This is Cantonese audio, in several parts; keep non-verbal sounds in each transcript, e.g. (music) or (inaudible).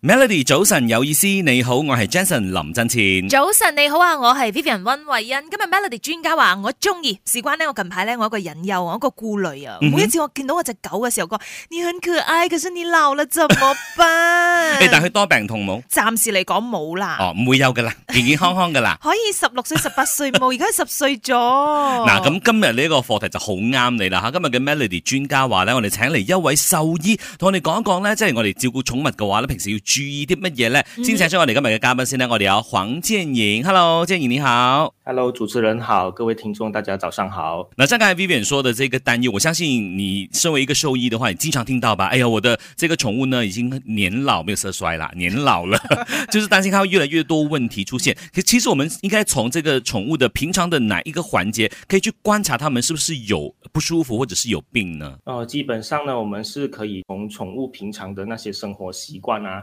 Melody 早晨有意思，你好，我係 Jason 林振前。早晨你好啊，我係 Vivian 温慧欣。今日 Melody 專家話我中意，事關呢我近排咧我一個隱憂，我一個顧慮啊。Mm -hmm. 每一次我見到我隻狗嘅時候，講你很可愛，可是你老啦，怎麼辦？你、 (laughs) 欸、但佢多病痛冇？暫時嚟講冇啦。哦，唔會有噶啦，健健康康噶啦。 (laughs) 可以十六歲、十八歲冇，而家十歲咗。嗱，咁 (laughs) 今日呢個課題就好啱你啦吓。今日嘅 Melody 專家話咧，我哋請嚟一位獸醫同我哋講一講咧，即係我哋照顧寵物嘅話咧，平時要。注意啲乜嘢咧？先介紹我哋今日嘅嘉賓先跟我聊。有黃建穎。Hello，建穎你好。Hello，主持人好，各位聽眾大家早上好。那上剛才 Vivian 說的這個擔憂，我相信你身為一個獸醫的話，你經常聽到吧？哎呀，我的這個寵物呢，已經年老，沒有色衰啦，年老了， (laughs) 就是擔心它會越來越多問題出現。可其實我們應該從這個寵物的平常的哪一個環節，可以去觀察它們是不是有不舒服，或者是有病呢？哦，基本上呢，我們是可以從寵物平常的那些生活習慣啊。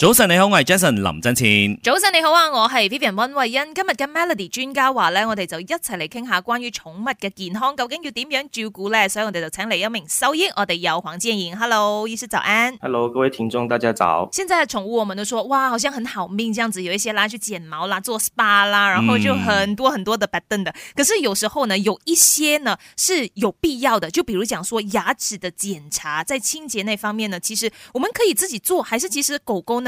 早晨，你好，我係 Jason 林振千。早晨，你好啊，我係 Vivian 温慧欣。今日嘅 Melody 專家話咧，我哋就一齊嚟傾下關於寵物嘅健康，究竟要點樣照顧咧？所以我哋就請嚟一名獸醫，我哋有黃建穎。Hello，醫師早安。Hello，各位聽眾大家早。現在嘅寵物，我們都說哇，好像很好命，這樣子，有一些拉去剪毛啦，做 spa 啦，然後就很多很多的擺凳的、嗯。可是有時候呢，有一些呢是有必要的，就比如講說牙齒的檢查，在清潔那方面呢，其實我們可以自己做，還是其實狗狗呢？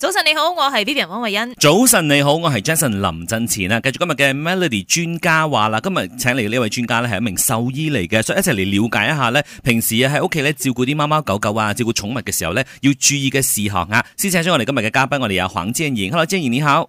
早晨你好，我係 Vivian 王慧欣。早晨你好，我係 Jason 林振前啊。繼續今日嘅 Melody 專家話啦，今日請嚟呢位專家咧係一名獸醫嚟嘅，所以一齊嚟了解一下咧，平時啊喺屋企咧照顧啲貓貓狗狗啊，照顧寵物嘅時候咧要注意嘅事項啊。先請咗我哋今日嘅嘉賓，我哋有黃建穎。Hello，建穎你好。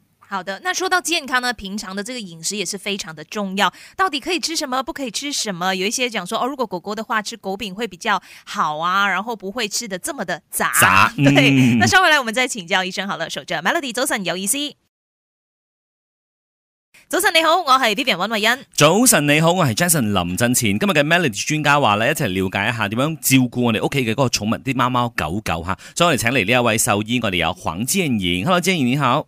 好的，那說到健康呢，平常的這個飲食也是非常的重要。到底可以吃什麼，不可以吃什麼？有一些講說哦，如果狗狗的話，吃狗餅會比較好啊，然後不會吃的這麼的雜。雜，對。嗯、那稍回來我們再請教醫生好了，守着 Melody，早晨有意思。早晨你好，我係 Vivian 温慧恩。早晨你好，我係 Jason 林振前。今日嘅 Melody 專家話呢，一齊了解一下點樣照顧我哋屋企嘅嗰個寵物啲貓貓狗狗吓。所以我哋請嚟呢一位獸醫，我哋有黃建穎。Hello，建穎你好。